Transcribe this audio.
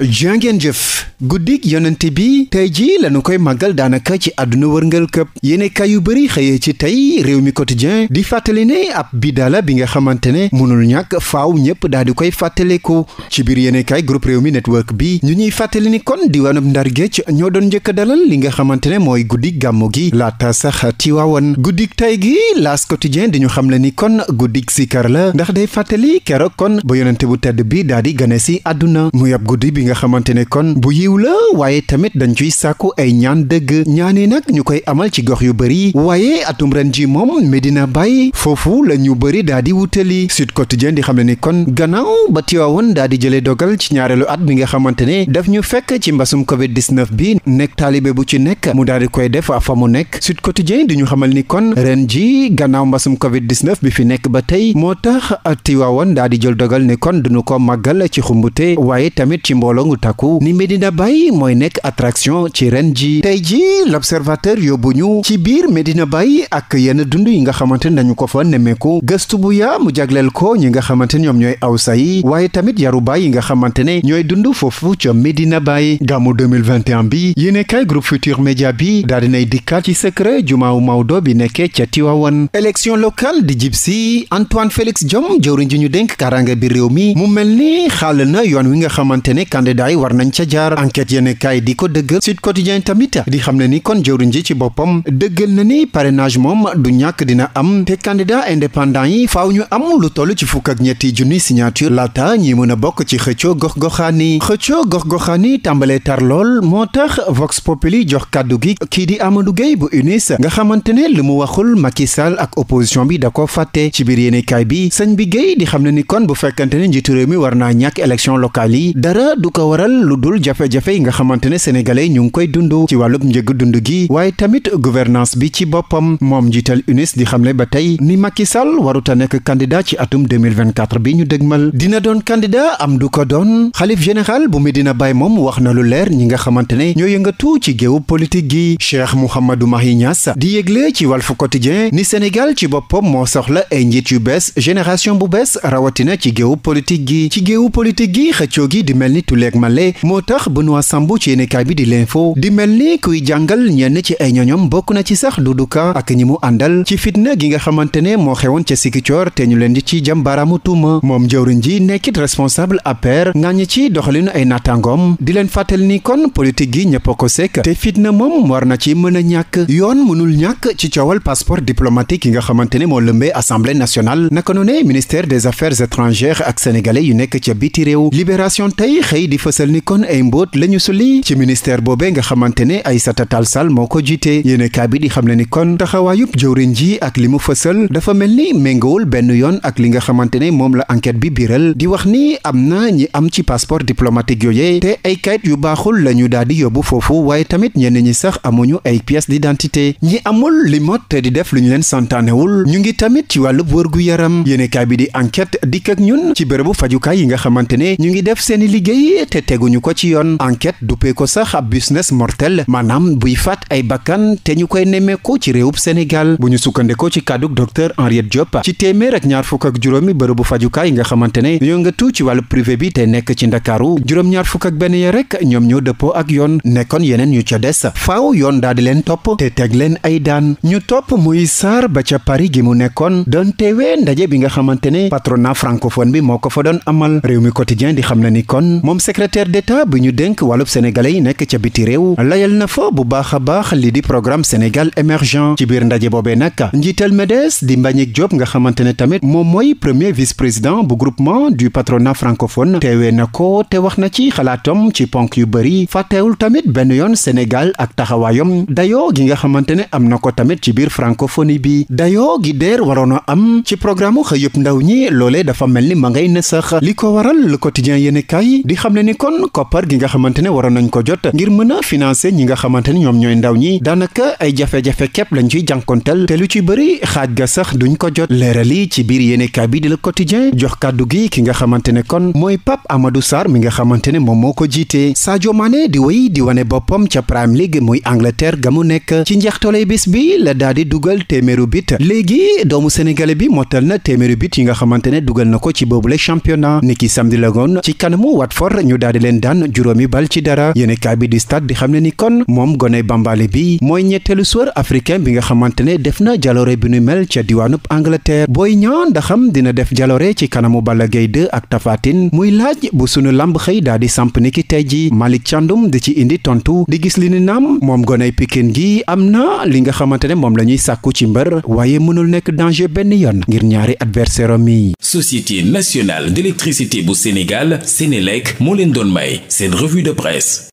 jàngeen jëf guddik yonent bi tey ji lañu koy màggal daanaka ci àdduna wërngal këpp yéene kaay yu bari xëyee ci tey réew mi quotidien di fàttali ne ab bidaala bi nga xamante ne mënul ñàkk faw ñépp daal di koy fàttaliku ci biir yéene kaay groupe réew mi network bi ñu ñuy fàttali ni kon diwaanub ndar géej ñoo doon njëkk dalal li nga xamante ne mooy guddik gàmmu gi laata sax tiwaawoon guddik tey gi laas quotidien di ñu xam xamle ni kon guddik sikar la ndax day fàttali keroog kon ba yonent bu tedd bi daal di gane si àdduna muy ab guddi bi nga xamante ne kon bu yiw la waaye tamit dañ ciy sàkku ay ñaan dëgg ñaani nag ñu koy amal ci gox yu bëri waaye atum ren ji moom Medina Baye foofu la ñu bëri daa di wutali Sud Quotidien di xam ne ni kon gannaaw ba Tiwaawoon daa di jëlee dogal ci ñaareelu at bi nga xamante ne daf ñu fekk ci mbasum covid 19 bi nekk taalibe bu ci nekk mu daal di koy def fa mu nekk Sud Quotidien di ñu xamal ni kon ren ji gannaaw mbasum covid 19 bi fi nekk ba tey moo tax Tiwaawoon daa di jël dogal mbooloo takku ni Medina Baye mooy nekk attraction ci ren ji tey ji l'observateur yóbbu ñu ci biir Medina bay ak yenn dund yi nga xamante ni dañu ko fa nemmeeku gëstu bu yaa mu jagleel ko ñi nga xamante ni ñoom ñooy awsa yi waaye tamit yaru baay yi nga xamante ne ñooy dund foofu ca Medina Baye gàmmu 2021 bi yéene kay groupe Futur Média bi daal dinay dikkaat ci secret jumaawu Maodo bi nekkee ca Tiwaawan élection locale di jib si Antoine Félix Diome jëwriñ ji ñu dénk kaaraange bi réew mi mu mel ni xaal na yoon wi nga xamante candidat yi war nañ ca jaar enquête yéen di ko dëggal Sud Quotidien tamit di xam ne ni kon jëwriñ ji ci boppam dëggal na ni parrainage moom du ñàkk dina am te candidat indépendant yi faaw ñu am lu toll ci fukk ak ñetti junni signature laata ñi mën a bokk ci xëccoo gox-goxaan yi xëccoo gox-goxaan yi tàmbalee tar lool moo tax Vox Populi jox kàddu gi kii di Amadou Gueye bu UNIS nga xamante ne lu mu waxul Macky Sall ak opposition bi da ko fàtte ci biir yéene bi sañ bi Gueye xam ne ni kon bu fekkante ne njiitu mi war naa ñàkk élection locale yi du ko waral lu dul jafe-jafe yi nga xamante ne sénégalais ñu ngi koy dund ci wàllub njëg dund gi waaye tamit gouvernance bi ci boppam moom njiital UNIS di xamle ba tey ni Macky Sall waruta nekk candidat ci atum 2024 bi ñu dëgmal dina doon candidat am du ko doon xalif général bu Medina Baye moom wax na lu leer ñi nga xamante ne ñoo yëngatu ci géewu politique gi Cheikh Mouhamadou Mahi Niass di yëgle ci Walf Quotidien ni Sénégal ci boppam moo soxla ay njiit yu bees génération bu bees leeg male moo tax Benoît Sambou ci yéenekaay bi di leen l'info di mel ni kuy jàngal ñenn ci ay ñoñom bokk na ci sax Doudou Ka ak ñi mu àndal ci fitna gi nga xamante ne moo xewoon ca Sikicoor te ñu leen di ci jam baaraamu tuuma moom jëwriñ ji nekkit responsable APR ŋàññi ci doxalinu ay naataangoom di leen fàttali ni kon politique gi ñëppoo ko sekk te fitna moom war na ci mën a ñàkk yoon mënul ñàkk ci coowal passeport diplomatique yi nga xamante ne moo lëmbee assemblée nationale naka noone ministère des affaires étrangères ak sénégalais yu nekk ca biti réew libération di fësal ni kon ay mbóot la ñu sulli ci ministère boobee nga xamante ne Aïssata Tall Sall moo ko jiite yéenekaay bi di xam ne ni kon taxawaayub jëwriñ ji ak li mu fësal dafa mel ni méngawul benn yoon ak li nga xamante ne moom la enquête bi biral di wax ni am na ñi am ci passeport diplomatique yooyee te ay kayit yu baaxul la ñu daal di yóbbu foofu waaye tamit ñenn ñi sax amuñu ay di d'identité ñi amul li mot di def lu ñu leen santaanewul ñu ngi tamit ci wàllub wërgu yaram yéenekaay bi di enquête dikk ñun ci bérébu fajukaay yi nga xamante ne ñu ngi def seeni liggéey bi te teguñu ko ci yoon enquête duppee ko sax ab business mortel maanaam buy faat ay bakkan te ñu koy nemmeeku ci réewub Sénégal bu ñu sukkandekoo ci kàdduk docteur Henriette Diop ci téeméer ak ñaar fukk ak juróomi bërëbu fajukaay yi nga xamante ne ñoo nga tu ci wàllu privé bi te nekk ci ndakaaru juróom-ñaar benn ya rek ñoom ñoo dëppoo ak yoon nekkoon yeneen ñu ca des faaw yoon daal di leen topp te teg leen ay daan ñu topp muy saar ba ca Paris gi mu nekkoon doon teewee bi nga xamante ne patronat francophone bi moo ko fa doon amal réew mi quotidien xam na secrétaire d'État bi ñu dénk wàllub sénégalais yi nekk ca biti réew layal na fa bu baax a baax li di programme Sénégal émergent ci biir ndaje boobee nag njiital MEDES di Mbagnick Diop nga xamante ne tamit moom mooy premier vice-président bu groupement du patronat francophone teewee na ko te wax na ci xalaatam ci ponk yu bëri fàttewul tamit benn yoon Sénégal ak taxawaayam dayoo gi nga xamante ne am na ko tamit ci biir francophonie bi dayoo gi deer waroon a am ci programme xëyub ndaw ñi na ni kon koppar gi nga xamante ne waroon nañ ko jot ngir mën a financer ñi nga xamante ne ñoom ñooy ndaw ñi daanaka ay jafe-jafe képp lañ ciy jànkonteel te lu ci bëri xaaj ga sax duñ ko jot leeral yi ci biir yéenekaay bi di la Quotidien jox kàddu gi ki nga xamante ne kon mooy pap Amadou saar mi nga xamante ne moom moo ko jiitee Sadio Mané di wéy di wane boppam ca Premier League muy Angleterre ga mu nekk ci njeextolay bis bi la daal di dugal téeméeru bit léegi doomu sénégalais bi motal na téeméeru bit yi nga xamante ne dugal na ko ci boobule championnat niki samedi la goon ci kanamu Watford ñu daal di leen daan juróomi bal ci dara yéenekaay bi di stade di xam ni kon moom gone bambale bi mooy ñetteelu joueur africain bi nga xamante ne def na jaloore bi nu mel ca diwaanub Angleterre Boy Niang ndaxam dina def jaloore ci kanamu bala gay de ak Tapha Tine muy laaj bu sunu lamb xëy daal di samp ni ki tey ji Malick Thiandoum di ci indi tontu di gis li ni naam moom goney pikin gi am na li nga xamante ne moom la ñuy sàkku ci mbër waaye mënul nekk danger benn yoon ngir ñaari adversaire mi société nationale d'électricité bu Sénégal leen doon may seen revue de presse